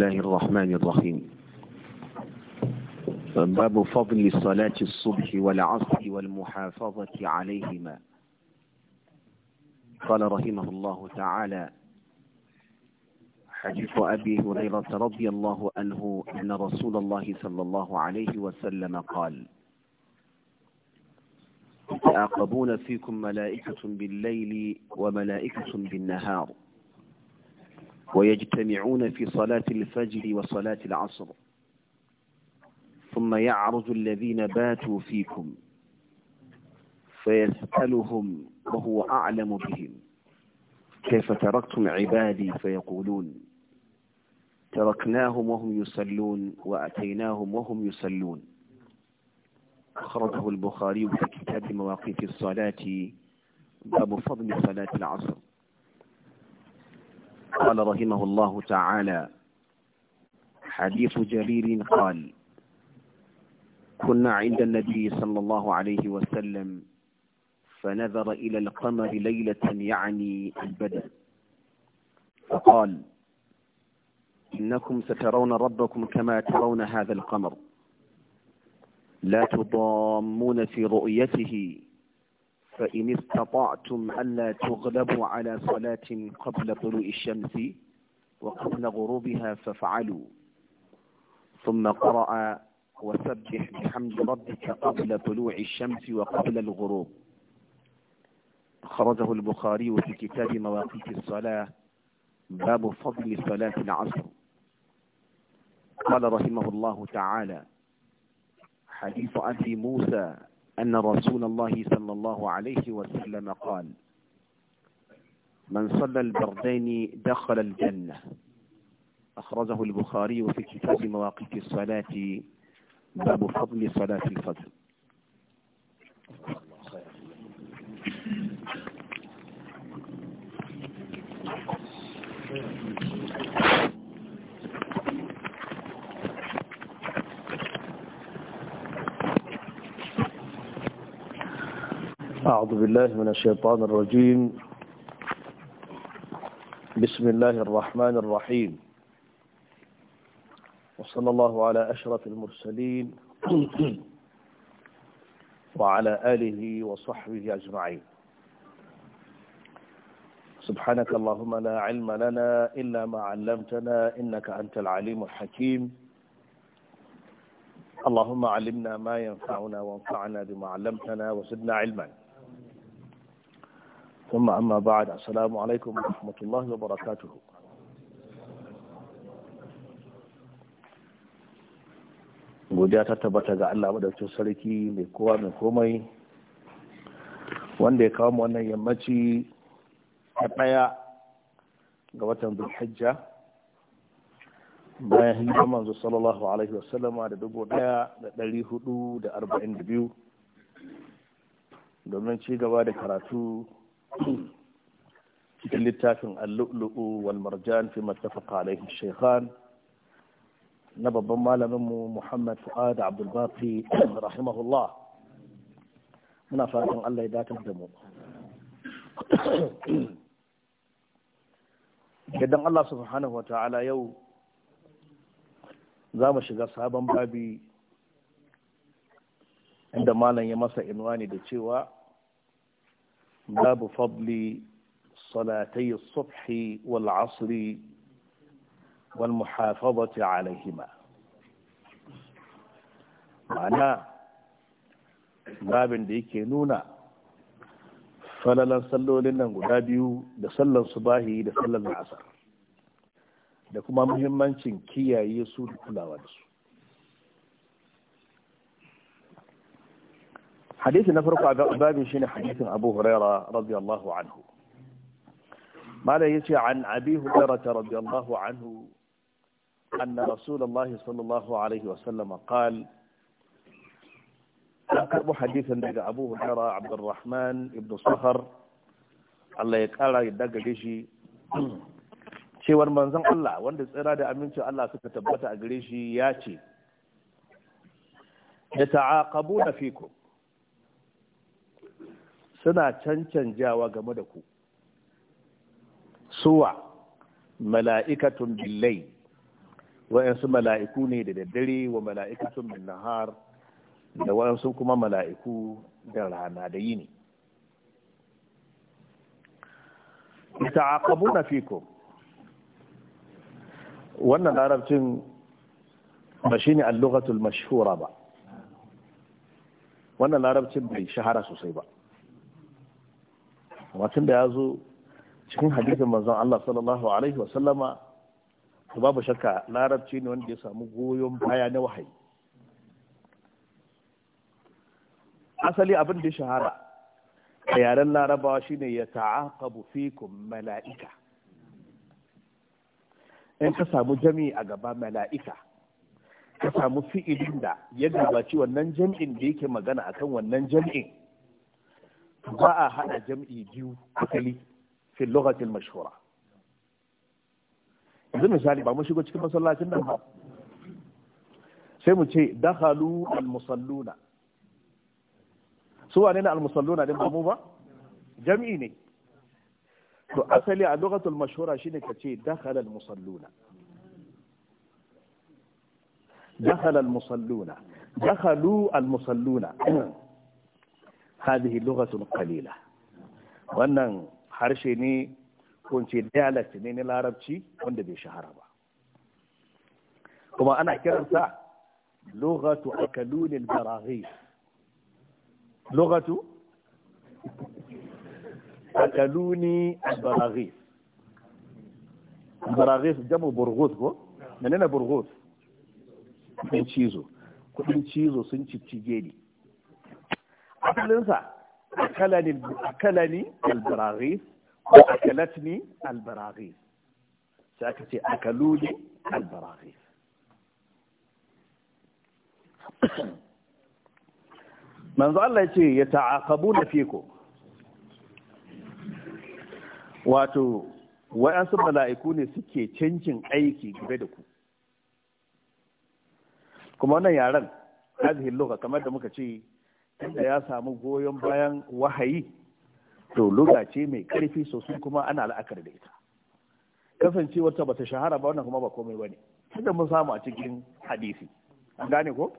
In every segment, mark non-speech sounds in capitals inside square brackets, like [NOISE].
الله الرحمن الرحيم باب فضل صلاة الصبح والعصر والمحافظة عليهما قال رحمه الله تعالى حديث أبي هريرة رضي الله عنه أن رسول الله صلى الله عليه وسلم قال يتعاقبون فيكم ملائكة بالليل وملائكة بالنهار ويجتمعون في صلاة الفجر وصلاة العصر ثم يعرج الذين باتوا فيكم فيسألهم وهو أعلم بهم كيف تركتم عبادي فيقولون تركناهم وهم يصلون وأتيناهم وهم يصلون أخرجه البخاري في كتاب مواقيت الصلاة باب فضل صلاة العصر قال رحمه الله تعالى حديث جرير قال كنا عند النبي صلى الله عليه وسلم فنظر إلى القمر ليلة يعني البدر فقال إنكم سترون ربكم كما ترون هذا القمر لا تضامون في رؤيته فإن استطعتم ألا تغلبوا على صلاة قبل طلوع الشمس وقبل غروبها فافعلوا ثم قرأ وسبح بحمد ربك قبل طلوع الشمس وقبل الغروب خرجه البخاري في كتاب مواقيت الصلاة باب فضل صلاة العصر قال رحمه الله تعالى حديث أبي موسى أن رسول الله صلى الله عليه وسلم قال من صلى البردين دخل الجنة أخرجه البخاري في كتاب مواقف الصلاة باب فضل صلاة الفجر أعوذ بالله من الشيطان الرجيم بسم الله الرحمن الرحيم وصلى الله على أشرف المرسلين [CLEARS THROAT] وعلى آله وصحبه أجمعين سبحانك اللهم لا علم لنا إلا ما علمتنا إنك أنت العليم الحكيم اللهم علمنا ما ينفعنا وانفعنا بما علمتنا وزدنا علما ثم أما بعد السلام عليكم ورحمة الله وبركاته godiya ta tabbata ga Allah madaukakin sarki mai kowa mai komai wanda ya kawo mu wannan yammaci a ɗaya ga watan Zulhijja bayan hijirar manzo sallallahu alaihi wasallama da dubu ɗaya da ɗari hudu da arba'in da biyu domin ci gaba da karatu cikin littafin al-lu'lu'u wal marjan fi mattafaqa alaihi shaykhan na babban malamin mu Muhammad Fuad Abdul Baqi rahimahullah muna fatan Allah ya datar da mu idan Allah subhanahu wa ta'ala yau za mu shiga sabon babi inda malam ya masa inwani da cewa باب فضل صلاتي الصبح والعصر والمحافظة عليهما معنى da ديكي نونا falalan sallolin nan guda biyu da sallan subahi da sallan la'asar da kuma muhimmancin kiyaye su da kulawa da su حديثنا فرق بابي شنو حديث أبو هريرة رضي الله عنه ماذا يتي عن أبي هريرة رضي الله عنه أن رسول الله صلى الله عليه وسلم قال أكرم حديث لك أبو هريرة عبد الرحمن بن صخر الله يقال يدق ديشي cewar manzon Allah wanda tsira da amincin Allah suka tabbata a gare shi ya ce ya suna cancanjawa game da ku suwa mala'ikatun billai wa'yansu mala'iku ne da daddare wa mala'ikatun bin nahar da wa'yansu kuma mala'iku da rana da yini Ita ta'aqabuna fiko. wannan larabcin ba shine al-lughatul mashura ba wannan larabcin bai shahara sosai ba watan da ya zo cikin hadisin manzon Allah sallallahu alaihi wa sallama to babu shakka larabci ne wanda ya samu goyon baya na wahayi asali abin da shahara a yaren larabawa shine ya ta'aqabu fikum mala'ika in ka samu jami'i a gaba mala'ika ka samu fi'ilin da ya gabaci wannan jami'in da yake magana akan wannan jami'in ba a hada jam'i biyu asali fi lokacin mashhura yanzu misali ba mu shigo cikin masallacin nan ba sai mu ce dakhalu al-musalluna su wane ne al-musalluna din ba mu ba jam'i ne to asali a lokacin mashhura shine ka ce dakhala al-musalluna dakhala al-musalluna dakhalu al-musalluna hadhihi lughatun qalila wannan harshe ne ko ce dialect ne na larabci wanda bai shahara ba kuma ana kiransa lughatu akalun al-baraghi lughatu akalun al-baraghi al-baraghi jamu burghus ko menene burghus kudin cizo kudin cizo sun ciccige ni asalinsa akalani albaragis ko akalatni albaragis sai aka ce akaluni albaragis manzo Allah ce ya ta'aqabu na fiko wato wayansu mala'iku ne suke cancin aiki gube da ku kuma wannan yaren hazihin loka kamar da muka ce tunda ya samu goyon bayan wahayi to luga ce mai karfi sosai kuma ana la'akar da ita kasance wata bata shahara ba wannan kuma ba komai bane tunda mun samu a cikin hadisi an gane ko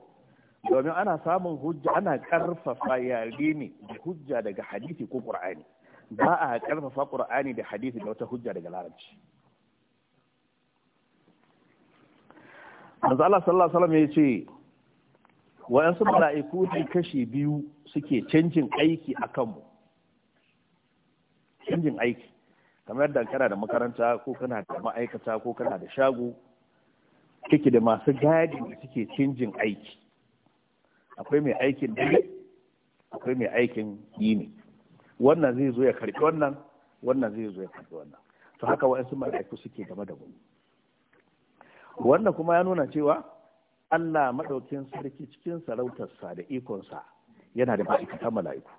domin ana samun hujja ana karfafa yare ne da hujja daga hadisi ko qur'ani ba a karfafa qur'ani da hadisi da wata hujja daga larabci manzo Allah sallallahu alaihi wasallam ya ce wa'yansu mala'iku ne kashi biyu suke canjin aiki a kanmu canjin aiki kamar yadda kana da makaranta ko kana da ma'aikata ko kana da shago kake da masu gadi da suke canjin aiki akwai mai aikin dare akwai mai aikin ne wannan zai zo ya karfi wannan wannan zai zo ya karfi wannan to haka wa'yansu mala'iku suke game da mu wannan kuma ya nuna cewa Allah maɗaukin sarki cikin sarautarsa da ikonsa yana da ma'aikatan mala'iku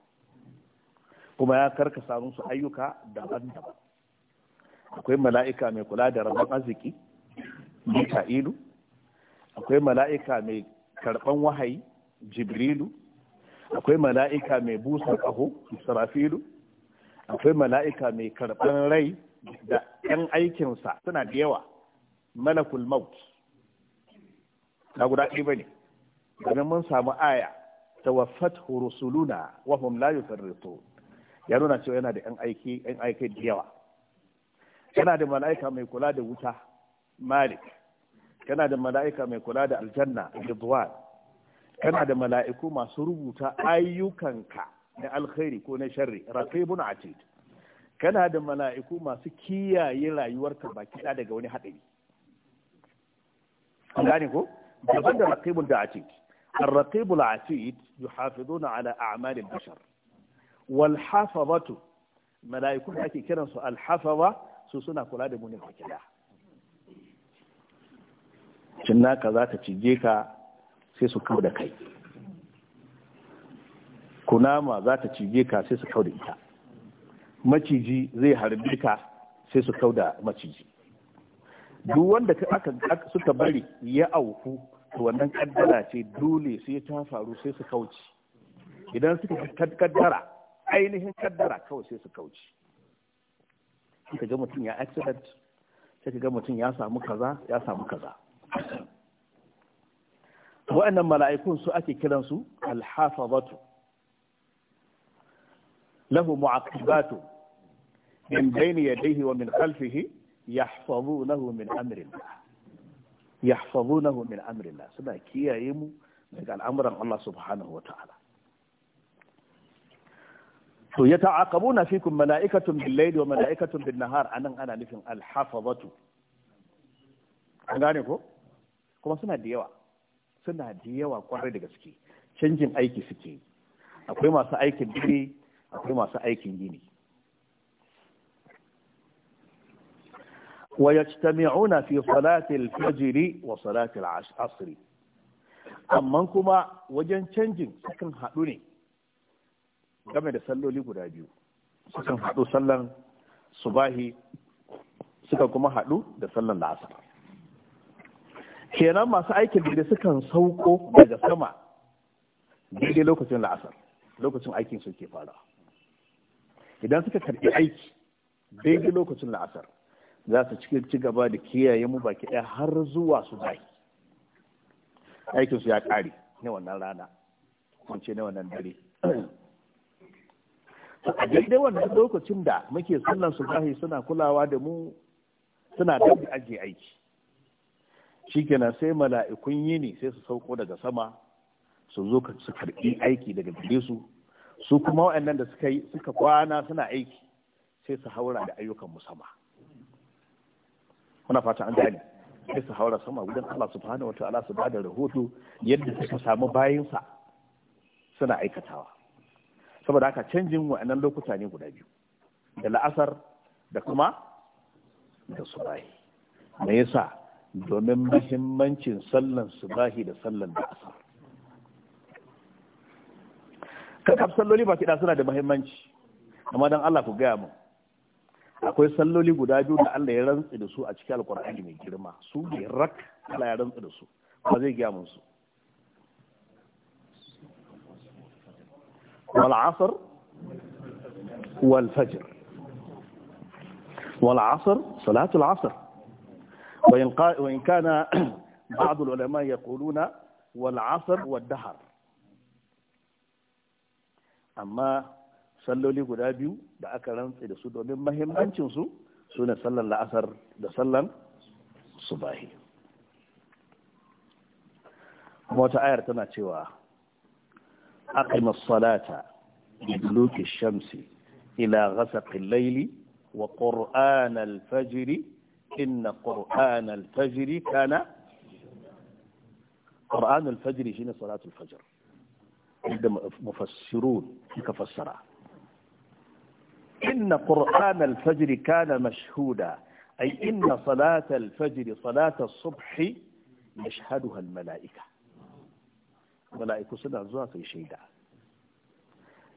kuma ya samun musu ayyuka daban-daban akwai mala'ika mai kula da rabon arziki mika'ilu akwai mala'ika mai karɓan wahayi jibrilu akwai mala'ika mai busa ƙaho israfilu akwai mala'ika mai karɓan rai da 'yan aikinsa suna da yawa malakul maut na guda ɗaya ne. domin mun samu aya wafat rusuluna wa hum la yufarritu ya nuna cewa yana da yan aiki yan aiki da yawa yana da mala'ika mai kula da wuta malik yana da mala'ika mai kula da aljanna ridwan Kana da mala'iku masu rubuta ayyukanka na alkhairi ko na sharri raqibun atid kana da mala'iku masu kiyaye rayuwarka baki daga wani haɗari. An ko? daban da raqibul da'ati ar-raqibul atid yuhafizuna ala a'mal al-bashar wal hafazatu malaiku ake kiran su al hafaza su suna kula da munin hakida cinna ka za ka cije ka sai su kauda kai kunama za ka cije ka sai su kauda ita maciji zai harbi ka sai su kauda maciji duk wanda aka suka bari ya auku to wannan kaddara ce dole sai ta faru sai su kauce idan suka kaddara ainihin kaddara kawai sai su kauce suka ga mutum ya accident sai ga mutum ya samu kaza ya samu kaza wa'annan mala'ikun su ake kiransu alhafazatu lahu mu'aqibatu min bayni yadayhi wa min khalfihi yahfazunahu min amrillah yahfazunahu min amrillah suna kiyaye mu daga al'amuran Allah subhanahu wata'ala to ya ta'aqabuna fikum mala'ikatun bil layli wa mala'ikatun bin nahar anan ana nufin al hafazatu an gane ko kuma suna da yawa suna da yawa kwarai da gaske canjin aiki suke akwai masu aikin dare akwai masu aikin gini ويجتمعون في صلاة الفجر وصلاة العصر amma kuma wajen canjin sukan haɗu ne game da salloli guda biyu sukan haɗu sallan subahi suka kuma haɗu da sallan la'asar kenan masu aikin da sukan sauko daga sama daidai lokacin la'asar lokacin aikin su ke fara idan suka karɓi aiki daidai lokacin la'asar za su ci gaba da kiyaye mu baki ɗaya har zuwa su zaki. aikin su ya ƙare na wannan rana ce na wannan dare a daidai wannan lokacin da muke sunan su zahi suna kulawa da mu suna da ajiye aiki shi kenan sai mala'ikun yini sai su sauko daga sama su zo su karɓi aiki daga gare su su kuma waɗannan da suka suka kwana suna aiki sai su haura da ayyukan musamman muna fata an gane sai su haura sama wajen Allah subhanahu wa ta'ala su bada rahoto yadda suka samu sa suna aikatawa saboda haka canjin wa'annan lokuta ne guda biyu da la'asar da kuma da subahi me yasa domin muhimmancin sallan subahi da sallan la'asar kakaf salloli ba kiɗa suna da muhimmanci amma don Allah ku gaya mu akwai salloli guda biyu da Allah ya rantsa da su a cikin alkur'ani mai girma su ne rak Allah ya rantsa da su ba zai gaya musu wal asr wal fajr wal asr salatu al asr wa in qa wa in kana ba'd al ulama yaquluna wal asr wad dahr amma salloli guda biyu da aka rantse da su domin mahimmancinsu su ne sallan la'asar da sallan subahi wata ayar tana cewa aqimus salata liduluki shamsi ila ghasaqil layli wa qur'an al-fajr inna qur'an al-fajr kana qur'an al-fajr shine salatul fajr inda mufassirun suka fassara إن قرآن الفجر كان مشهودا أي إن صلاة الفجر صلاة الصبح يشهدها الملائكة ملائكة سنة زواتي شيدا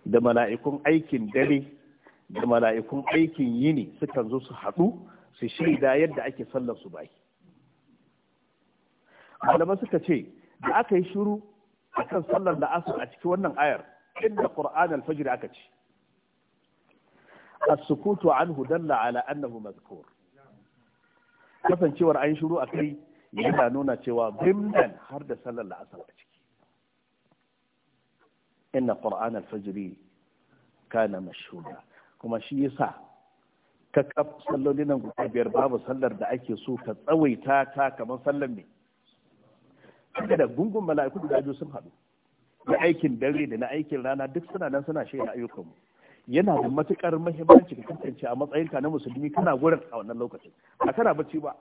da mala'ikun aikin dare da mala'ikun aikin yini sukan zo su haɗu su shaida yadda ake sallar su bai malama suka ce da aka yi shiru akan sallar da asar a cikin wannan ayar inda qur'an al-fajr aka ce as-sukutu alhu dalla ala annahu mazkur kasancewar an shiru a akai yana nuna cewa bimdan har da sallar la'asar a ciki inna qur'an al-fajr kana kuma shi yasa ta kaf sallolin nan guda biyar babu sallar da ake so ka tsawaita ta kamar sallar ne haka da gungun mala'iku guda biyu sun haɗu na aikin dare da na aikin rana duk suna nan suna shaida ayyukanmu yana da matukar muhimmanci ka kasance a matsayinka na musulmi kana gurin a wannan lokacin a kana bacci ba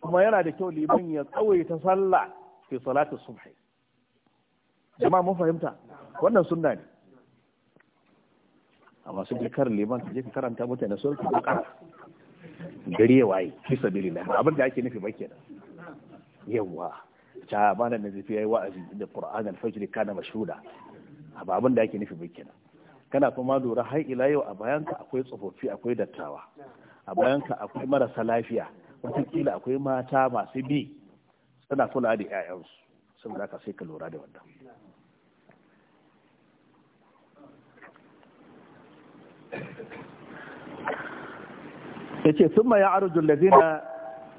kuma yana da kyau liman ya tsawaita sallah fi salatu subhi jama'a mun fahimta wannan sunna ne amma masu je liman ka je ka karanta mutane sun ka bukara gari ya waye fi sabilillah abin da ake nufi ba kenan yawa ta bana na zafi yayi wa'azi da qur'an al-fajr kana mashhuda abin da ake nufi ba kenan kana kuma lura har ila yau a bayanka akwai tsofaffi akwai dattawa a bayanka akwai marasa lafiya wataƙila akwai mata masu bi suna kula da ƴaƴansu saboda haka sai ka lura da wannan yace ya ya'ruju allazina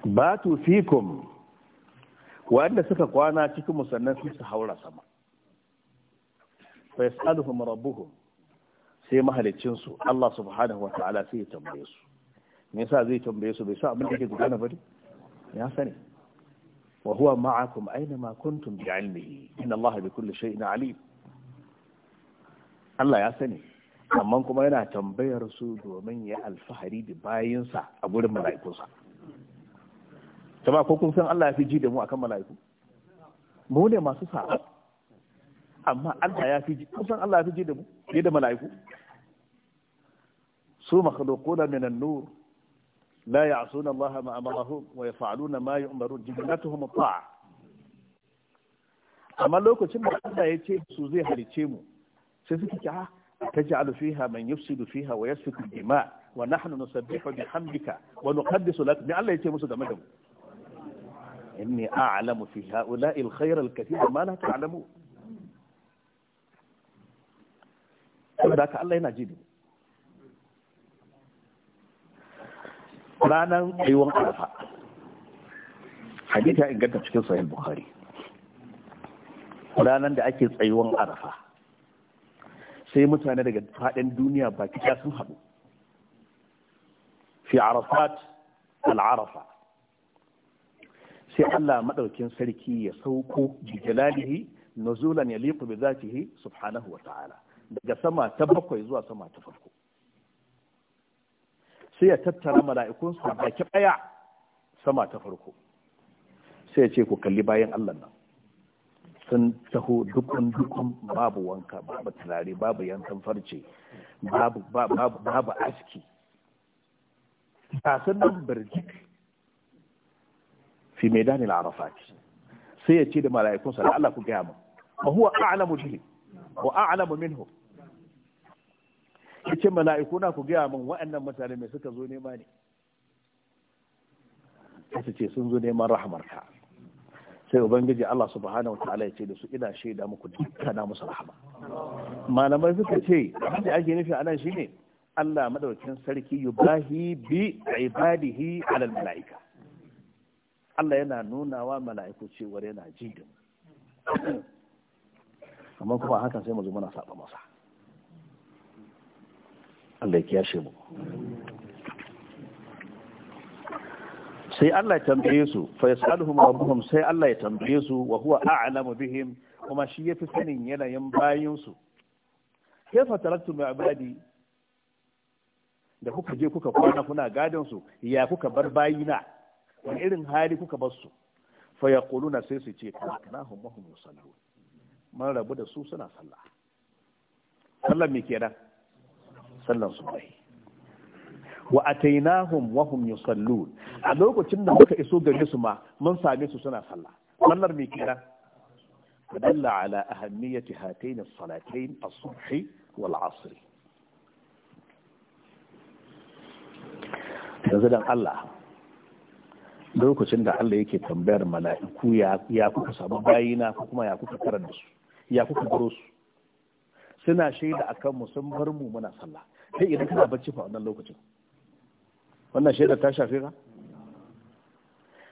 batu fikum wanda suka kwana cikin musannan su haura sama fa yasaluhum rabbuhum sai mahalicin su Allah subhanahu wa ta'ala sai ya tambaye su me yasa zai tambaye su bai sa abin da ke gudana ba ya sani wa huwa ma'akum aina ma kuntum bi ilmihi inna Allah bi kulli shay'in alim Allah ya sani amma kuma yana tambayar su domin ya alfahari da bayinsa a gurin sa kuma ko kun san Allah ya fi ji da mu akan mala'iku mu ne masu sa'a amma Allah ya fi ji kun san Allah ya fi ji da mu fiye da mala'iku سو مخلوقون من النور لا يعصون الله ما أمرهم ويفعلون ما يؤمرون جبناتهم الطاعة أما لوكو سمع الله يتيب سوزيها لتيمو سيسكي آه، تجعل فيها من يفسد فيها ويسفك الدماء ونحن نسبح بحمدك ونقدس لك من الله يتيمو سوزيها مجم إني أعلم في هؤلاء الخير الكثير ما لا تعلمون ذاك الله ينجدني ranar tsayuwan arafa hadita inganta cikin sahih bukhari ranar da ake tsayuwan arafa sai mutane daga faɗin duniya baki ɗaya sun haɗu fi arafat al'arafa sai Allah maɗaukin sarki ya sauko bi jalalihi nuzulan yaliqu bi zatihi subhanahu wa ta'ala daga sama ta bakwai zuwa sama ta farko sai ya tattara mala'ikunsa baki ɗaya sama ta farko sai ya ce ku kalli bayan Allah nan sun taho dukkan dukkan babu wanka babu turare babu yankan farce babu aski. aski tasan nan birjik fi maidanin arafat sai ya ce da mala'ikunsa da Allah ku gaya ma'. wa huwa a'alamu jini wa a'lamu minhu yace mala'iku na ku gaya min wa'annan mutane mai suka zo nema ne su ce sun zo neman rahamarka sai ubangiji Allah subhanahu ta'ala ya ce da su ina shaida muku na musu rahama malamai suka ce abinda ake nufi a nan shine Allah madaukakin sarki yubahi bi ibadihi alal mala'ika Allah yana nuna wa mala'iku cewar yana jidin amma kuma hakan sai mu zo muna saba masa Allah ya kiyashe mu sai Allah ya tambaye su fa yasaluhum rabbuhum sai Allah ya tambaye su wa huwa a'lamu bihim kuma shi ya fi sanin yanayin bayin su taratu mai abadi da kuka je kuka kwana kuna gadon su ya kuka bar bayina wani irin hali kuka bar su fa yaquluna sai su ce kanahum wa hum mun rabu da su suna sallah sallah me kenan sallan subahi wa atainahum wa hum yusallun a lokacin da muka iso gare su ma mun same su suna sallah sallar me kira dalla ala ahammiyati hatayn as-salatayn as-subh wal 'asr yanzu dan Allah lokacin da Allah yake tambayar mala'iku ya kuka samu bayina ko kuma ya kuka karanta da su ya kuka baro su suna shaida akan mu sun bar mu muna sallah kai idan kana bacci fa wannan lokacin wannan shaidar ta shafe ka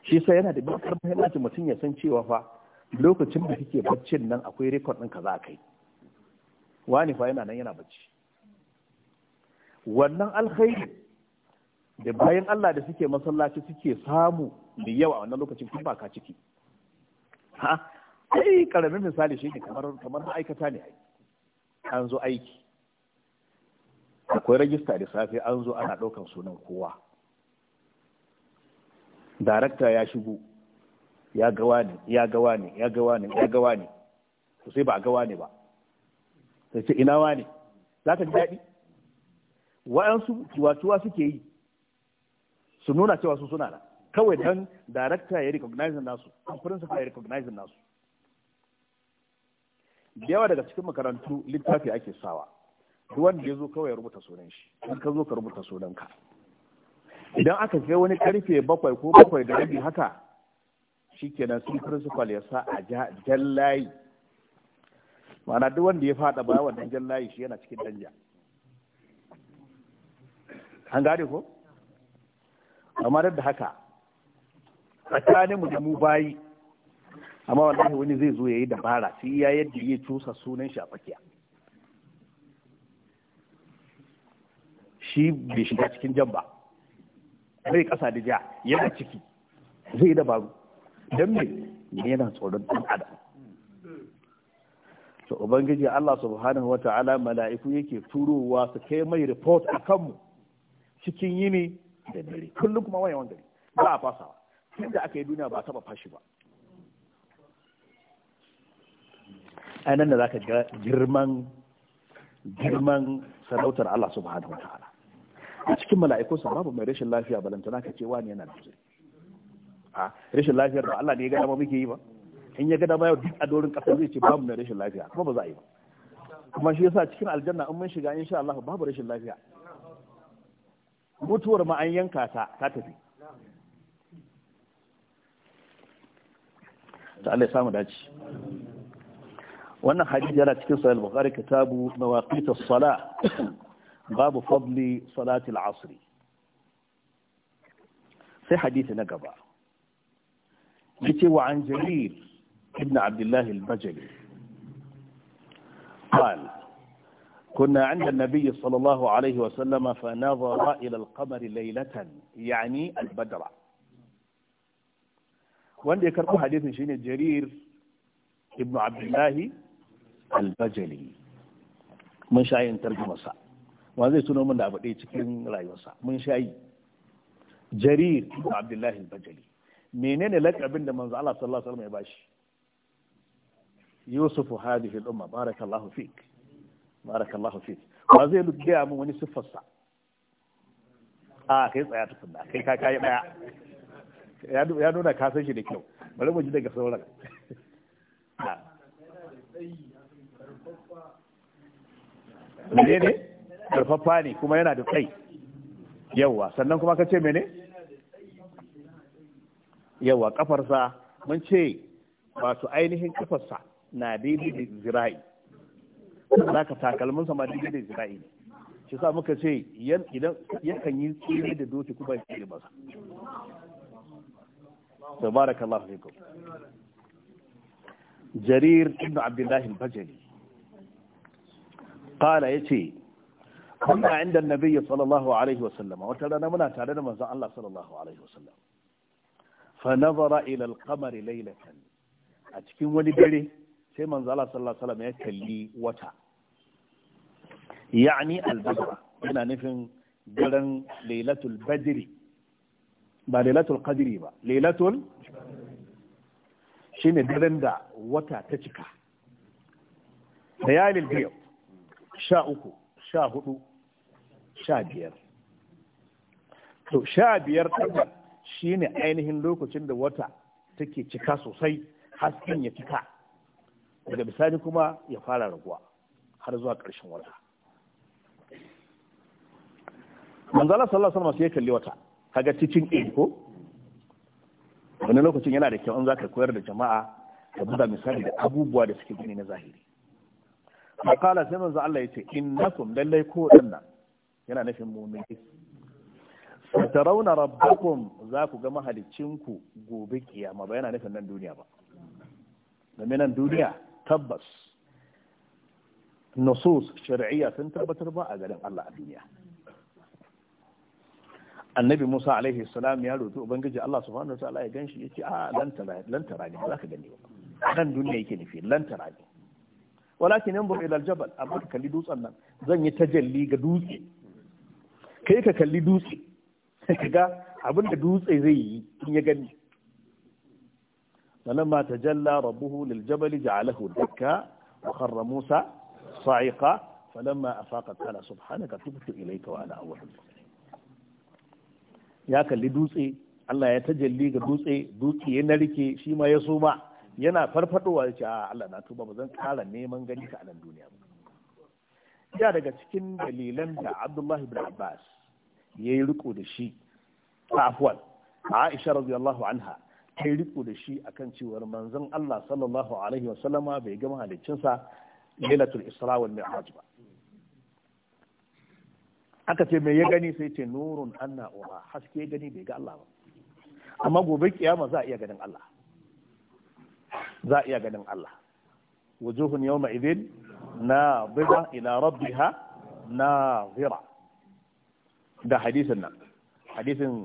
shi sai yana da bakar muhimmanci mutum ya san cewa fa lokacin da kake baccin nan akwai rekod ɗin kaza kai wani fa yana nan yana bacci wannan alkhairi da bayan Allah da suke masallaci suke samu da yawa a wannan lokacin ba ka ciki ha ai karamin misali shi ne kamar kamar ma'aikata ne an zo aiki akwai rajista da safe an zo ana ɗaukan sunan kowa darakta ya shigo ya gawa ne ya gawa ne ya gawa ne ya gawa ne to sai ba gawa ne ba sai ce ina wani za ka ji daɗi wa'ansu kiwatuwa suke yi su nuna cewa su suna kawai dan darakta ya recognize nasu an principal ya recognize nasu da yawa daga cikin makarantu littafi ake sawa wanda ya zo kawai ya rubuta sunan shi in ka zo ka rubuta sunanka idan aka kai wani karfe bakwai ko bakwai da rabi haka shikenan sun principal ya sa a jan layi ma'ana duk wanda ya fada ba wannan jan layi shi yana cikin danja an gane ko amma da haka tsakanin mu da mu bayi amma wallahi wani zai zo ya yi dabara sai ya yadda ya cusa sunan shi a tsakiya shi bai shiga cikin jan ba bai kasa da ja yana ciki zai dabaru don me yana tsoron ɗan adam to ubangiji Allah subhanahu wa ta'ala mala'iku yake turowa su kai mai report a kanmu cikin yini da dare kullum kuma wayan gari ba a fasawa tun da aka yi duniya ba taba fashi ba a nan da za ka girman girman sarautar Allah subhanahu wa ta'ala a cikin mala'iku sa babu mai rashin lafiya balantana ka ce wani yana da a rashin lafiyar ba Allah ne ya ga dama muke yi ba in ya ga dama yau duk a dorin kasa zai ce babu mai rashin lafiya kuma ba za a yi ba kuma shi yasa cikin aljanna in mun shiga insha Allah babu rashin lafiya mutuwar ma an yanka ta ta tafi ta Allah ya samu dace wannan hadisi yana cikin sahih bukhari kitabu mawaqitus salah باب فضل صلاة العصر في حديث نقبة جتوا عن جرير ابن عبد الله البجلي قال كنا عند النبي صلى الله عليه وسلم فنظر إلى القمر ليلة يعني البدر وان ya حديث شين الجرير ابن عبد الله البجلي من شاين ترجمة tarjumasa wa zai tuno min da abu ɗaya cikin rayuwarsa mun sha yi jarir ibn abdullahi al-bajali menene lakabin da manzo Allah sallallahu alaihi wasallam ya bashi yusuf hadhihi al-umma barakallahu fik barakallahu fik wa zai lugaya min wani siffarsa a kai tsaya tukunna kai ka kai daya ya nuna ka san shi da kyau bari mu ji daga sauran [LAUGHS] ne ne karfafa ne kuma yana da tsayi Yawwa. sannan kuma ka ce mene Yawwa kafarsa mun ce wato ainihin kafarsa na daidai da zira'i za ka takalmin sama daidai da zira'i ne shi sa muka ce idan yakan yi tsiri da doki kuma ya tsiri masa tabarakallahu fikum jarir ibn abdullahi bajali qala yace kunna inda annabi sallallahu alaihi wasallam wata rana muna tare da manzon Allah sallallahu alaihi wasallam fa nazara ila al-qamari laylatan a cikin wani dare sai manzon Allah sallallahu alaihi wasallam ya kalli wata yani al-badr yana nufin daren lailatul badri ba lailatul qadri ba lailatul shine daren da wata ta cika layalil biyu sha uku sha hudu sha biyar to sha biyar shi shine ainihin lokacin da wata take cika sosai hasken ya cika daga bisani kuma ya fara raguwa har zuwa ƙarshen wata manzala sallallahu alaihi wasallam ya kalli wata kaga cikin ɗin ko wani lokacin yana da kyau in za ka koyar da jama'a da buga misali da abubuwa da suke gani na zahiri makala sai manzo Allah ya ce innakum lallai ko waɗannan yana nufin mu'minai fatarauna rabbakum za ku ga mahalicinku gobe kiyama ba yana nufin nan duniya ba domin nan duniya tabbas nusus shari'iyya sun tabbatar ba a garin Allah a duniya annabi Musa alaihi salam ya roƙi ubangiji Allah subhanahu ta'ala ya ganshi yace a lan tara ne za ka gani ba nan duniya yake nufi lan tara ne walakin yanzu ila aljabal amma kalli dutsen nan zan yi tajalli ga dutse kai ka kalli dutse ka ga abin da dutse zai yi in ya gani ma rabbuhu lil ربه ja'alahu dakka wa kharra musa sa'iqa falamma أفاق قال subhanaka tubtu ilayka wa ana المؤمنين Ya kalli dutse Allah ya tajalli ga dutse dutse ya narke shi ma ya suma yana farfadowa ya ce a Allah na tuba ba zan kara neman gani ka a nan duniya ba ya daga cikin dalilan da Abdullahi ibn Abbas ya yi riko da shi a aisha radiyallahu anha ta yi riko da shi akan cewar manzon Allah sallallahu alaihi wa sallama bai gama halicinsa lailatul isra wal mi'raj ba aka ce mai ya gani sai ce nurun anna ura haske gani bai ga Allah ba amma gobe kiyama za a iya ganin Allah za a iya ganin Allah wujuhun yawma idin na ila rabbiha na zira da hadisin nan hadisin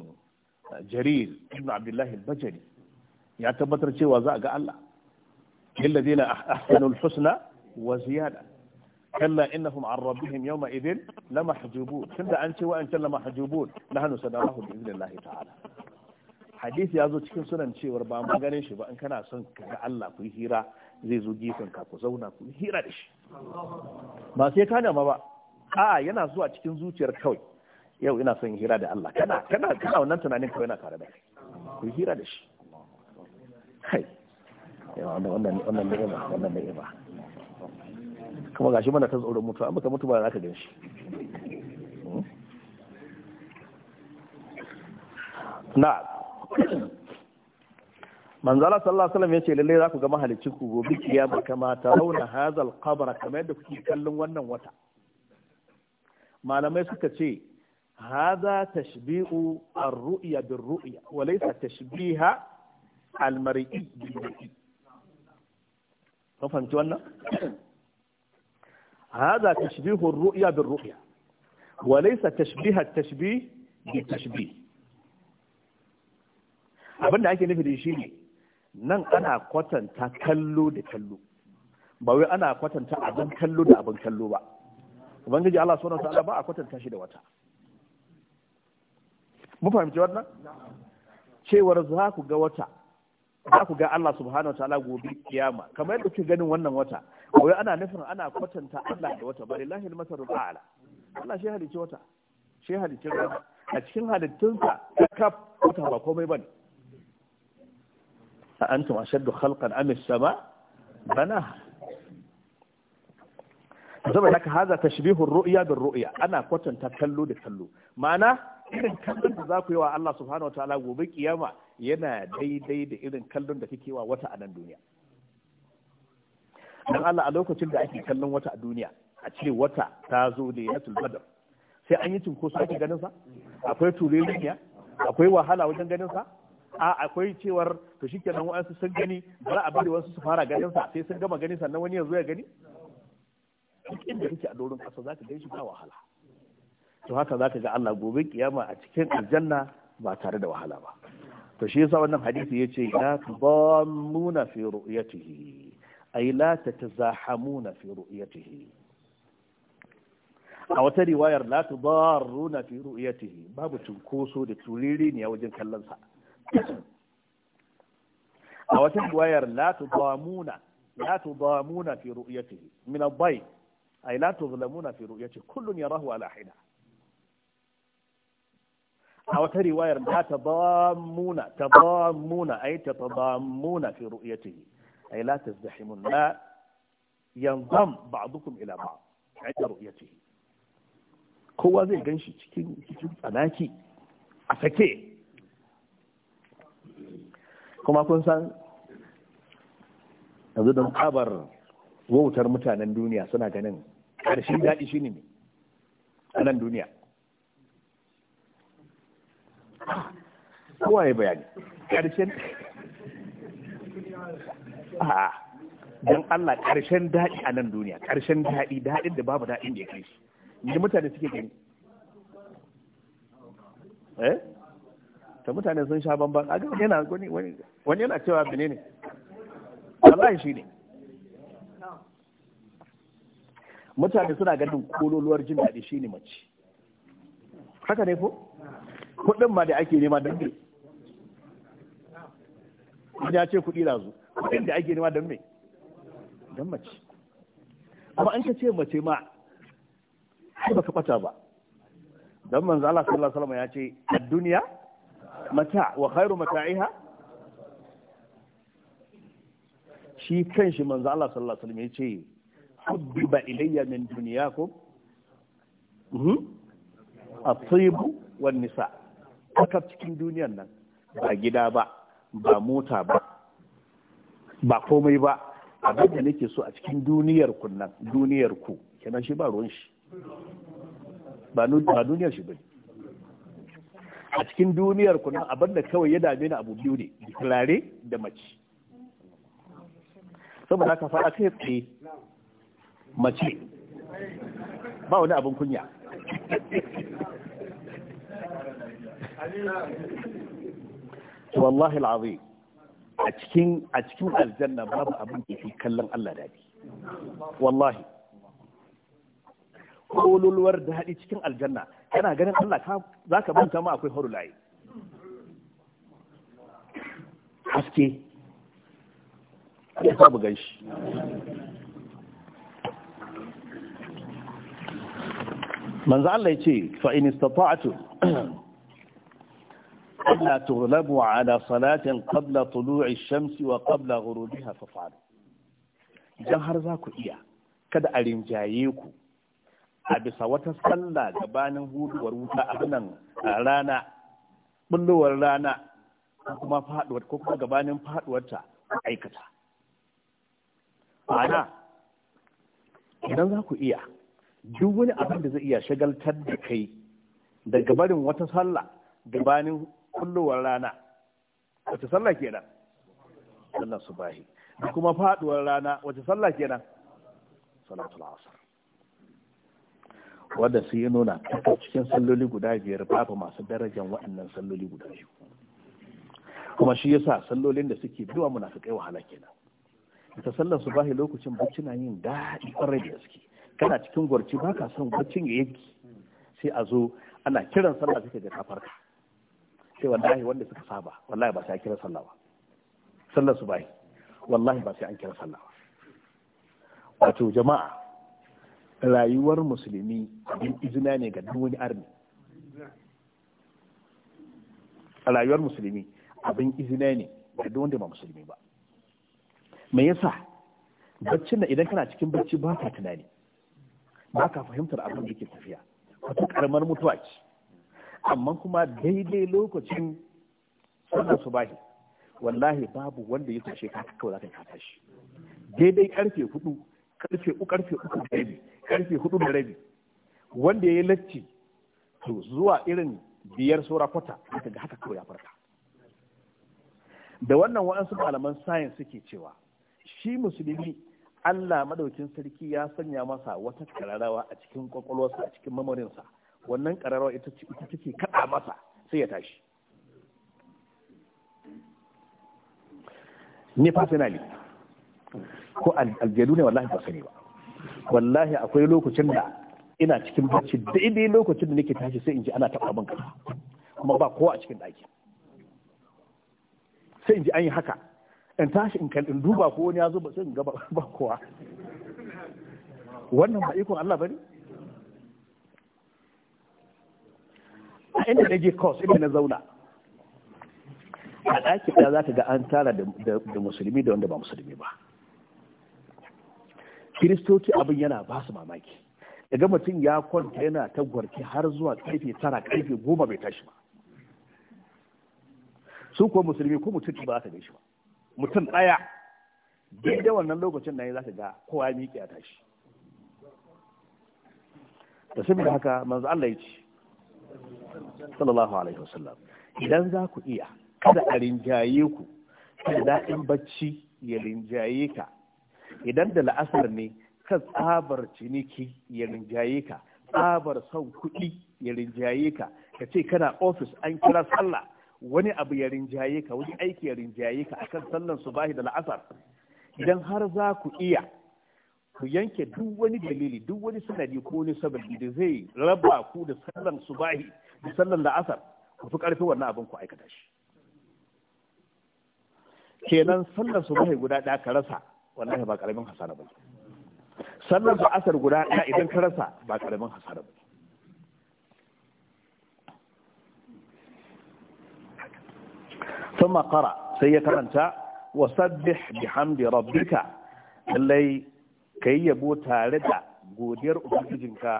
jarir ibn abdullahi al ya tabbatar cewa za a ga Allah lillazina ahsanul husna wa ziyada kalla innahum an rabbihim yawma idhin mahjubun tunda an ce wa an kalla mahjubun nahnu sadarahu bi idnillahi ta'ala hadisi ya zo cikin sunan cewar ba mun ganin shi ba in kana son ka ga Allah ku yi hira zai zo gefen ka ku zauna ku hira da shi ba sai kana ma ba a'a yana zuwa cikin zuciyar kawai yau ina son hira da Allah kana kana kana wannan tunanin kawai na tare da kai ku hira da shi kai yawa wannan wannan ba wannan ba. kuma gashi mana ta tsoron mutuwa an baka mutu ba za ka gan shi na manzala sallallahu alaihi wasallam yace lalle za ku ga mahalicci ku gobe kiyama kama ta rauna hazal qabra kamar yadda kuke kallon wannan wata malamai suka ce هذا تشبيه الرؤية بالرؤية وليس تشبيه المرئي بالمرئي فهمت هذا تشبيه الرؤية بالرؤية وليس تشبيه التشبيه بالتشبيه abin da ake nufi da shi ne nan ana kwatanta kallo da kallo ba wai ana kwatanta abin kallo da abin kallo ba ubangiji Allah subhanahu wa ba a kwatanta shi da wata mu fahimci wannan cewar za ku ga wata za ku ga Allah subhanahu wataala gobe kiyama kamar yadda kuke ganin wannan wata wai ana nufin ana kwatanta Allah da wata bari lahil masaru a'la Allah shi halicci wata shi halicci rana a cikin halittunsa kaf wata ba komai bane a antum ashaddu khalqan am as-sama banaha saboda haka haza ta bihun ru'iya da ru'iya ana kwatanta kallo da kallo ma'ana irin kallon da za ku yi wa Allah subhanahu gobe kiyama yana daidai da irin kallon da kake wa wata a nan duniya dan Allah a lokacin da ake kallon wata a duniya a ce wata ta zo da yatul badr sai an yi cinkoso ake ganin sa akwai duniya akwai wahala wajen ganin sa a akwai cewar to shikenan wa'ansu sun gani ba a bari wasu su fara ganin sa sai sun gama gani sannan wani ya ya gani duk inda kake a doron ƙasa za ka gan shi ba wahala to haka za ka ga Allah gobe kiyama a cikin aljanna ba tare da wahala ba to shi yasa wannan hadisi ya yace la tudammuna fi ru'yatihi ay la tatazahamuna fi ru'yatihi a wata riwayar la tudarruna fi ru'yatihi babu cunkoso da turiri ne a wajen kallon sa a wata riwayar la tudamuna la tudamuna fi ru'yatihi min ad-dayf ay la tuzlamuna fi ru'yati kullun yarahu ala hina a wata riwayar ta tadammuna tadammuna ay tatadammuna fi ru'yatihi ay la tazdahimun la yanzam ba'dukum ila ba'd inda ru'yatihi kowa zai ganshi cikin cikin tsanaki a sake kuma kun san yanzu don kabar wautar mutanen duniya suna ganin ƙarshen daɗi shi ne a nan duniya kowa ya bayani ƙarshen a don Allah ƙarshen daɗi a nan duniya ƙarshen daɗi daɗin da babu daɗin da ya kai shi ne mutane suke gani eh ta mutane sun sha bamban a ga wani yana cewa bene ne wallahi shi ne mutane suna ganin kololuwar jin daɗi shine mace haka ne ko kudin ma da ake nema don me ya ce kuɗi razu kudin da ake nema don me don mace amma an ka ce mace ma ai baka bata ba don manzo Allah sallallahu alaihi wasallam ya ce a duniya mata wa khairu mata'iha shi kanshi manzo Allah sallallahu alaihi wasallam ya ce hubbiba إلي min دنياكم الطيب والنساء nisa haka cikin duniyan nan ba gida ba ba mota ba ba komai ba abin da دنيا so a cikin duniyar شبا رونش duniyar ku ba duniyar shi bane a cikin duniyar ku nan abin da kawai ya dame ni abu biyu ne turare da mace saboda ka faɗa kai tsaye mace ba wani abin kunya wallahi al'azim a cikin a cikin aljanna babu abin da ke kallon Allah dadi wallahi kololuwar daɗi cikin aljanna kana ganin Allah ka zaka banta ma akwai horulaye haske ya samu ganshi manzo Allah yace fa in istata'tu alla [CLEARS THROAT] tughlabu ala salatin qabla tulu'i shamsi wa qabla ghurubiha fa'al idan har za ku iya kada a rinjaye ku a bisa wata sallah gabanin huduwar wuta a nan rana bullowar rana kuma faduwar ko kuma gabanin faduwarta aikata ana idan za ku iya duk wani abin da zai iya shagaltar da kai daga barin wata sallah gabanin kullowar rana wata sallah kenan sallar subahi da kuma faduwar rana wata sallah kenan salatul asr wanda su yi nuna cikin salloli guda biyar babu masu darajar waɗannan salloli guda biyu kuma shi yasa sallolin da suke biwa kai wahala kenan ita sallar bahi lokacin bacci na yin daɗi ƙwarai da gaske kana cikin gwarci ba ka son baccin ya yanki sai a zo ana kiran sallah sai kafar kafarka sai wallahi wanda suka saba wallahi ba sai an kira sallah ba sallar su bai wallahi ba sai an kira sallah ba wato jama'a rayuwar musulmi abin izina ne ga duk wani arni rayuwar musulmi abin izina ne ga duk wanda ba musulmi ba me yasa bacci na idan kana cikin bacci ba ka tunani ba ka fahimtar abin da ke tafiya wata karamar mutuwa ce amma kuma daidai lokacin sallar bahi wallahi babu wanda ya tashe ka kawai za ka kata shi daidai karfe hudu karfe uku karfe uku da rabi karfe hudu da rabi wanda ya yi lacci to zuwa irin biyar saura kwata haka ga haka kawai ya farka da wannan waɗansu malaman sayan suke cewa shi musulmi Allah madaukin sarki ya sanya masa wata kararrawa a cikin kwakwalwarsa a cikin mamarinsa wannan kararrawa ita take kada masa sai ya tashi ni fasinali ko aljadu ne wallahi ba sani ba wallahi akwai lokacin da ina cikin bacci daidai lokacin da nake tashi sai in ji ana taɓa min kuma ba kowa a cikin ɗaki sai in ji an yi haka in tashi in in duba ko wani ya zo ba sai in ga ba kowa wannan ba ikon Allah bane a inda na je course inda na zauna a ɗaki ɗaya za ta ga an tara da musulmi da wanda ba musulmi ba kiristoci abin yana ba su mamaki daga mutum ya kwanta yana tagwarki har zuwa ƙarfe tara ƙarfe goma bai tashi ba su kuwa musulmi ko mutum ba za ta gaishe ba mutum ɗaya duk da wannan lokacin na yi za ka ga kowa ya miƙe a tashi da sun da haka manzo Allah ya ce sallallahu alaihi wasallam idan za ku iya kada a rinjaye ku kada daɗin bacci ya rinjaye ka idan da la'asar ne ka tsabar ciniki ya rinjaye ka tsabar son kuɗi ya rinjaye ka ka ce kana ofis an kira sallah wani abu ya rinjaye ka wani aiki ya rinjaye ka akan sallan subahi da la'asar idan har za ku iya ku yanke duk wani dalili duk wani sanadi ko wani sababi da zai raba ku da sallan subahi da sallan la'asar ku fi karfi wannan abin ku aikata shi kenan su subahi guda ɗaya ka rasa wallahi ba karamin hasara ba su la'asar guda ɗaya idan ka rasa ba karamin hasara ba thumma qara sai ya karanta wa sabbih bihamdi rabbika lallai kai yabo tare da godiyar ubangijinka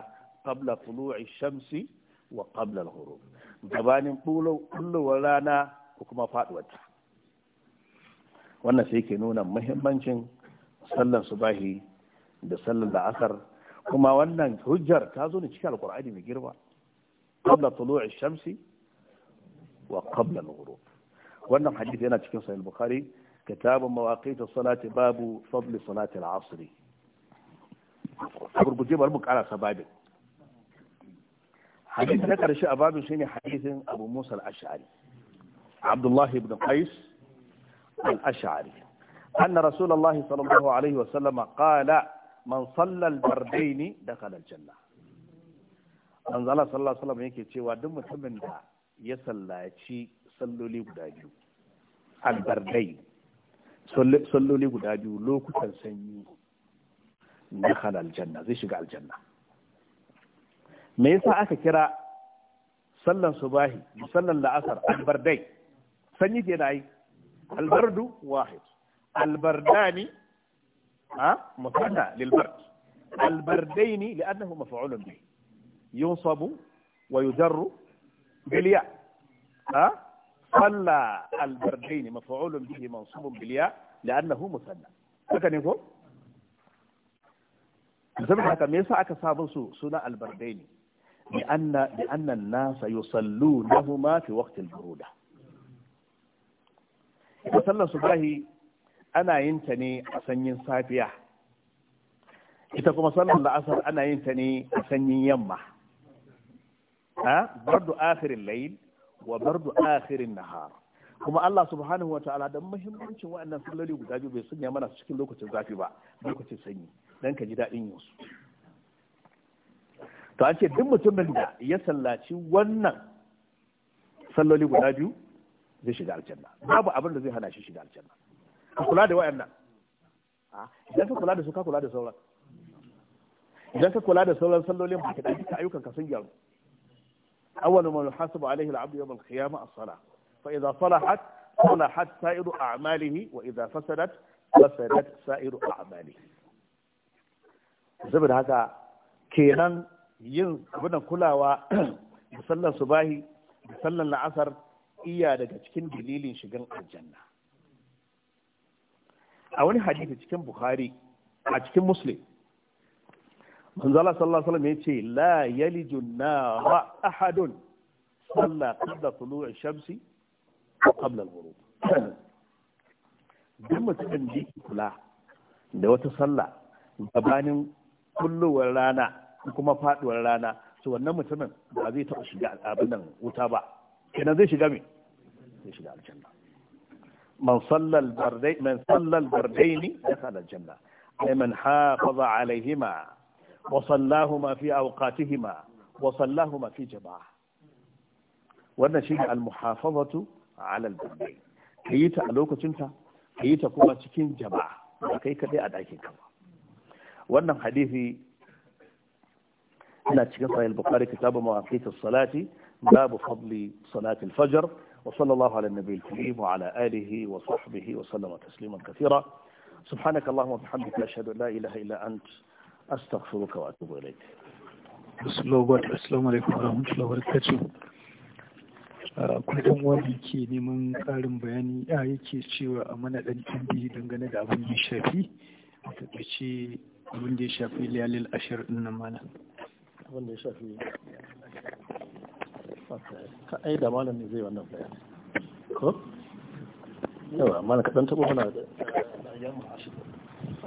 qabla tulu'i shamsi wa qabla al-ghurub gabanin kullowar rana ko kuma faduwarta wannan sai ke nuna muhimmancin sallar subahi da sallar la'asar kuma wannan hujjar ta zo ne cikin alkur'ani mai girma qabla tulu'i shamsi wa qabla al-ghurub wannan hadisi yana cikin sahih bukhari kitabun mawaqit as-salati babu fadl salati al-asr gurguje bari mu karasa babin hadisi na karshe a babin shine hadisin Abu Musa al-Ash'ari Abdullah ibn Qais al-Ash'ari أن رسول الله صلى الله عليه وسلم قال من صلى البردين دخل الجنة أنزل صلى الله عليه وسلم يكي تشي ودم تمن يسلى تشي salloli guda biyu albardai salloli guda biyu lokutan sanyi na aljanna zai shiga aljanna me yasa aka kira sallan subahi da sallan la'asar albardai sanyi ke da yi albardu wahid albardani ha mutana lilbard albardaini li'annahu maf'ulun bihi yunsabu wa yujarru biliya ha صلى البردين مفعول به منصوب بالياء لأنه مثنى haka ne ko? zama haka me yasa aka sa musu suna albardaini? ne bi anna bi anna nasa yusallunahuma fi waqti al-buruda ita sallar subahi ana yin ta ne a sanyin safiya ita kuma sallar la'asar ana yin ta ne a sanyin yamma ha bardu akhirin layl wa bardu akhirin nahar kuma Allah subhanahu wa ta'ala dan muhimmancin wa'annan salloli guda biyu bai sanya mana cikin lokacin zafi ba lokacin sanyi dan ka ji dadin yin su to an ce duk mutumin da ya sallaci wannan salloli guda biyu zai shiga aljanna babu abin da zai hana shi shiga aljanna ka kula da waɗannan ah, idan ka kula da su ka kula da sauran idan ka kula da sauran sallolin ba ka da ayyukan ka sun gyaru أول ما يحاسب عليه العبد يوم القيامة الصلاة فإذا صلحت صلحت سائر أعماله وإذا فسدت فسدت سائر أعماله saboda haka kenan yin abinan kulawa da sallar subahi da sallar la'asar iya daga cikin dalilin shigan aljanna a wani hadisi cikin bukhari a cikin muslim manzala sallallahu alaihi ya ce la yaliju nara ahadun salla qabla tulu'i shamsi wa qabla al-ghurub duk mutumin da yake kula da wata sallah gabanin kullowar rana kuma faduwar rana to wannan mutumin ba zai taɓa shiga abin nan wuta ba kenan zai shiga me zai shiga aljanna man sallal bardai man sallal bardaini dakhala aljanna ay man hafaza alaihima وصلاهما في أوقاتهما وصلاهما في جماعة وانا ونشيء المحافظة على البنين كيتا ألوك تنتا كيتا كما تكين جماعة وكيكا دي أدعيكي كما وانا حديثي انا تكن صحيح البخاري كتاب مواقيت الصلاة باب فضل صلاة الفجر وصلى الله على النبي الكريم وعلى آله وصحبه وسلم تسليما كثيرا سبحانك اللهم وبحمدك أشهد لا إله إلا أنت astaghfiruka wa atubu ilayk assalamu alaikum wa rahmatullahi wa barakatuh kudin wani ke neman karin bayani a yake cewa a mana dan tambayi dangane da abin da shafi a taɓace abin da ya shafi liyalil ashir din nan mana abin da ya shafi ka ai da malam ne zai wannan bayani ko yawa mana kaɗan taɓa mana da yamma ashirin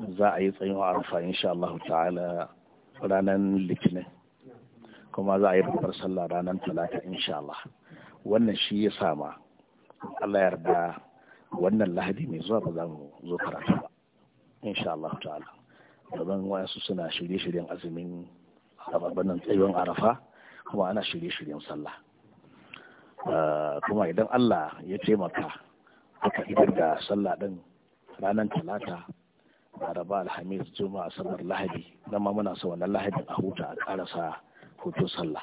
za a yi tsayin arafa insha Allah ta'ala ranar litinin kuma za a yi rufar sallah ranar talata insha Allah wannan shi ya sama Allah yarda wannan lahadi mai zuwa ba za mu zo karatu ba insha Allah ta'ala domin wasu suna shirye-shiryen azumin ababanan tsayin arafa kuma ana shirye-shiryen sallah ah, kuma idan Allah ya taimaka aka idar da sallah din ranar talata laraba alhamis juma'a asabar lahadi nan ma muna sa wannan lahadin a huta a karasa hutun sallah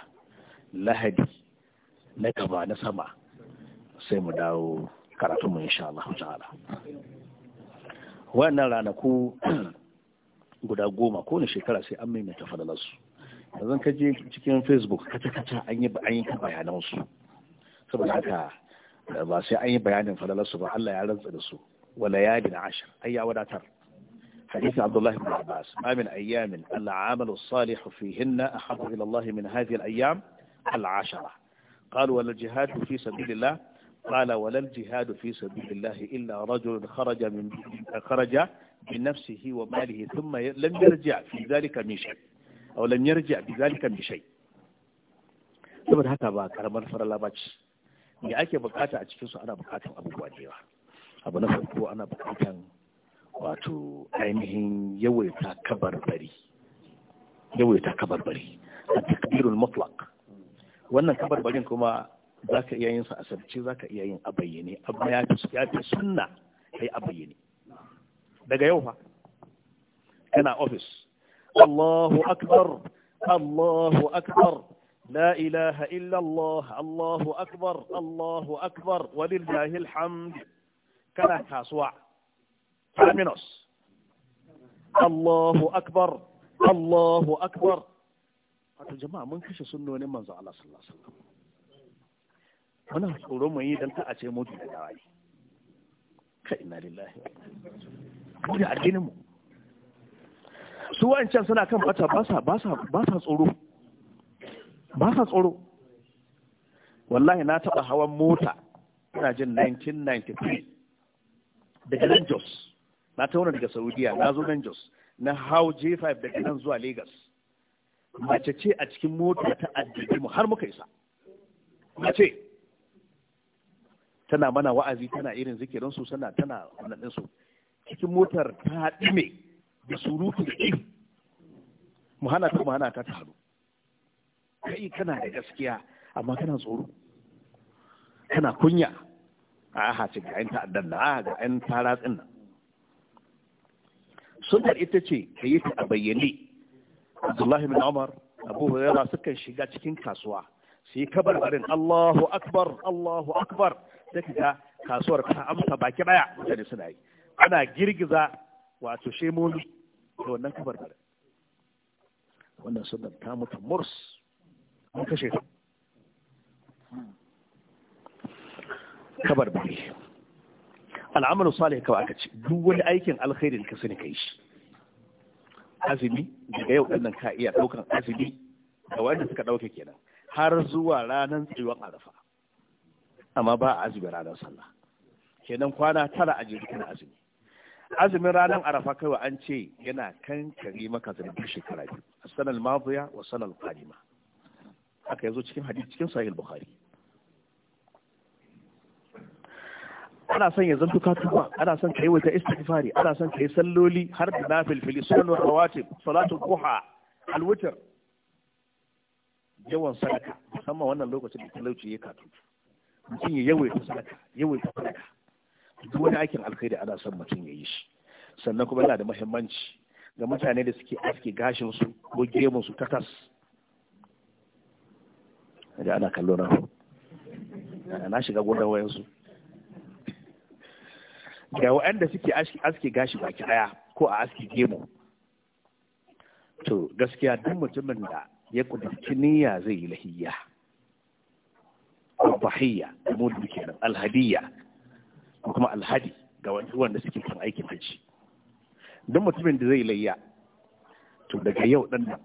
lahadi na gaba na sama sai mu dawo karatun mu insha Allah ta'ala wannan ranaku [CLEARS THROAT] guda goma kowane shekara sai an maimaita fadalarsu yanzu ka je cikin facebook kata-kata an yi bayanansu saboda haka eh, ba sai an yi bayanin falalarsu ba Allah ya rantsa da su wala na ashir ai ya wadatar حديث عبد الله بن عباس ما من أيام العمل الصالح فيهن أحب إلى الله من هذه الأيام العشرة قال ولا الجهاد في سبيل الله قال ولا الجهاد في سبيل الله إلا رجل خرج من خرج من نفسه وماله ثم لم يرجع في ذلك من شيء أو لم يرجع بذلك من شيء ثم هذا ba على farala ba ce me ake bukata a cikinsu أبو bukatar abubuwa da yawa abu na wato ainihin yawaita kabarbari yawaita kabarbari a takbirul mutlaq wannan kabarbarin kuma za ka iya yin sa a sarci za ka iya yin a bayyane abu ya fi ya fi sunna kai a bayyane daga yau fa kana ofis Allahu akbar Allahu akbar la إله إلا الله الله أكبر الله أكبر ولله الحمد kana kasuwa. terminus Allahu akbar Allahu akbar wato jama'a mun kashe sunnonin manzo Allah sallallahu alaihi wasallam muna tsoro mu yi dan ta a ce mu da dawai ka inna lillahi wa inna addinin mu su wancan suna kan bata ba sa ba sa ba sa tsoro ba sa tsoro wallahi na taba hawan mota ina jin 1993 daga Jos na tauna daga saudiya na zo nan jos na hau j5 daga nan zuwa Legas. mace ce a cikin mota ta addini mu har muka isa mace tana mana wa'azi tana irin zikirin su tana tana wannan su cikin motar ta dime da surutu da ihu mu hana ta mu hana ta taru kai kana da gaskiya amma kana tsoro kana kunya a ha ce ga ta'addan a ga 'yan taratsin nan sunnar ita ce ka yi ta a bayyane abdullahi bin umar abu hurairah sukan shiga cikin kasuwa su yi kabarbarin allahu akbar allahu akbar ta ka kasuwar ta amsa baki daya mutane suna yi ana girgiza wato shemoni da wannan kabar kabarbarin wannan sunnar ta mutu murs an kashe kabarbari al'amalu salih kawai aka ce duk wani aikin alkhairi da ka sani kai shi azumi daga yau ɗan ka iya ɗaukan azumi da wanda suka ɗauke kenan har zuwa ranar tsayuwar arafa amma ba a azumi ranar sallah kenan kwana tara a jirgin kan azumi azumin ranar arafa kawai an ce yana kan kari maka zargin shekara biyu a sanar mafiya wa sanar kalima aka yazo cikin hadisi cikin sahih bukhari ana son ya zanto ka ana son ka yi wata istighfari ana son ka yi salloli har da fili. sunan rawatib salatu duha alwitr yawan sadaka musamman wannan lokacin da talauci ya katu mutum ya yawaita sadaka yawaita sadaka duk wani aikin alkhairi ana son mutum ya yi shi sannan kuma yana da muhimmanci ga mutane da suke aske gashin su ko gemun su takas da ana kallo na na shiga gonar wayansu da waɗanda suke aske gashi baki ɗaya ko a aske gemu to gaskiya duk mutumin da ya kudurci niyya zai yi lahiyya al-bahiyya mu kenan alhadiyya ko kuma alhadi ga wanda suke kan aikin hajji duk mutumin da zai layya to daga yau ɗan nan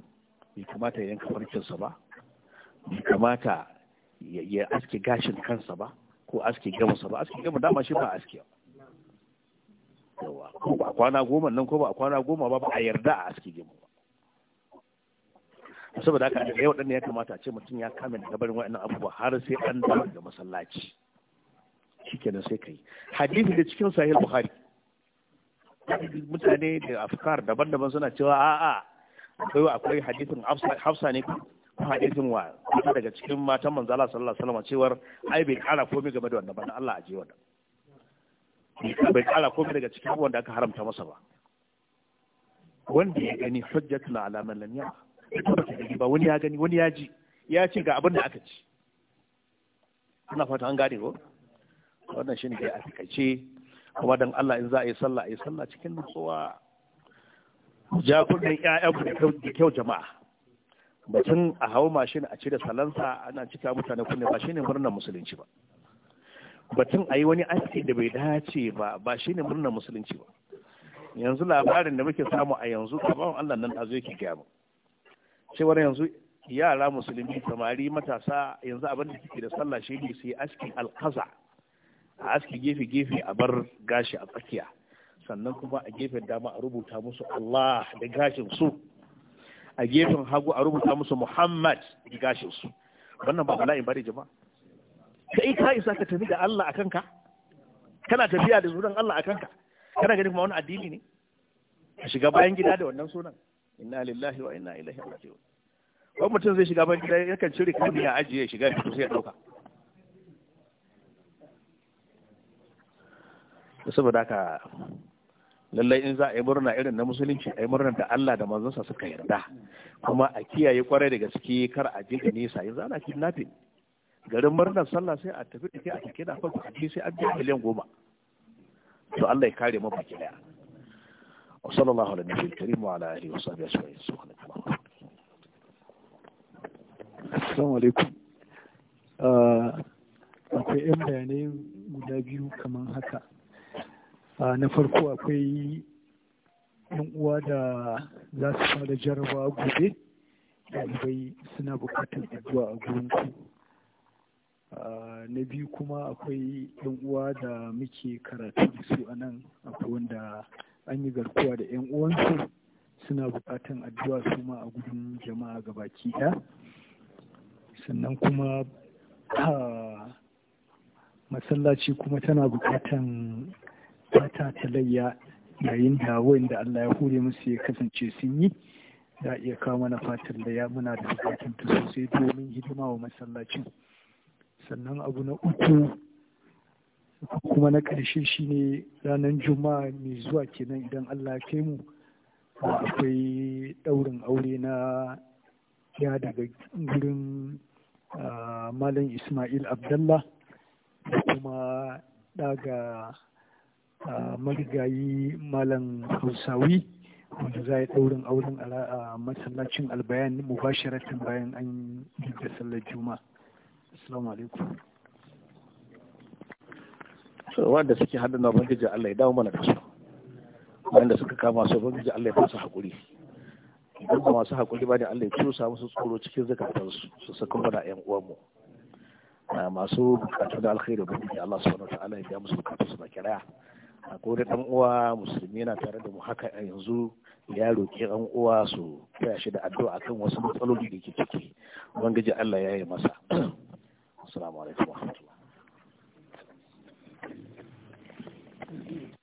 bai kamata ya yanka farkinsa ba bai kamata ya aske gashin kansa ba ko aske gamusa ba aske gamu dama shi ba aske yawa ko ba kwana goma nan ko ba kwana goma ba ba a yarda a aski gemu saboda haka da yau ya kamata a ce mutum ya kame daga barin wa'annan abubuwa har sai an dawo daga masallaci shikenan sai kai hadisi da cikin sahih bukhari mutane da afkar daban-daban suna cewa a'a akwai akwai hadisin hafsa ne ko hadisin wa daga cikin matan manzala sallallahu alaihi wasallam cewar ai bai kara komai game da wannan ba Allah aje wannan bai kala komai daga cikin abubuwan da aka haramta masa ba wanda ya gani la ala man lam ya ba wani ya gani wani ya ji ya ce ga abin da aka ci ina fata an gane ko wannan shine kai a takaice kuma dan Allah in za a yi sallah a yi sallah cikin nutsuwa jakunan ƴaƴan da kyau jama'a batun a hawo mashin a cire salansa ana cika mutane kunne ba shine murnar musulunci ba batun a yi wani aski da bai dace ba ba shi ne murnar musulunci ba yanzu labarin da muke samu a yanzu kaban allah nan azo yake gaya mu cewar yanzu yara musulmi samari matasa yanzu abin da suke da sallah shi ne su yi askin alkaza a aski gefe-gefe a bar gashi a tsakiya sannan kuma a gefen dama a rubuta musu allah da gashin su a gefen hagu a rubuta musu muhammad da gashin su wannan ba bala'in bari jama'a kai ka isa ka tafi da Allah a kanka kana tafiya da sunan Allah a kanka kana ganin kuma wani addini ne a shiga bayan gida da wannan sunan inna lillahi wa inna ilaihi raji'un wani mutum zai shiga bayan gida yakan cire kudi ya ajiye ya shiga fito sai ya dauka saboda haka lallai in za a yi murna irin na musulunci a yi murna da Allah da manzansa suka yarda kuma a kiyaye kwarai da gaske kar a je da nisa yanzu ana kidnapping garin murnar sallah sai a tafi da ke a cikin da farko a sai an biya miliyan goma to Allah ya kare mu baki daya wa sallallahu ala nabiyil karim wa ala alihi wa sahbihi ajma'in subhanallahi assalamu alaikum ah, akwai yan bayanai guda biyu kamar haka ah, na farko akwai yan uwa da za su fara jarabawa gobe ɗalibai suna bukatar addu'a a gurin ku Ah, na biyu kuma akwai yan uwa da muke karatu da su a nan akwai wanda an yi garkuwa da yan uwansu suna bukatan addu'a su ma a gudun jama'a gabaki ɗaya sannan kuma ah, masallaci kuma tana bukatan fata layya yayin da wanda Allah ya hure musu ya kasance sun yi za iya kawo mana fatan da ya muna da bukatun ta sosai domin hidima wa masallacin sannan abu na uku kuma na ƙarshe shi ne ranar juma'a mai zuwa kenan idan allah kai mu akwai ɗaurin aure na ya daga gurin malam ismail abdallah da kuma daga marigayi malam hausawi wanda za a ɗaurin auren a masallacin albayan mubasharatin bayan an yi da sallar juma'a assalamu alaikum so wanda suke hannun ubangiji Allah ya dawo mana da su wanda suka kama su ubangiji Allah ya fasa hakuri idan ba masu hakuri ba ne Allah ya cusa musu tsoro cikin zakatansu su saka mana yan uwanmu masu bukatu da alkhairi ubangiji Allah subhanahu wataala ya musu bukatu su baki raya a kore dan uwa musulmi yana tare da mu haka yanzu ya roƙi yan uwa su kaya shi da addu'a kan wasu matsaloli da ke ciki ubangiji Allah ya yi masa assalamu alaikum wa rahmatullah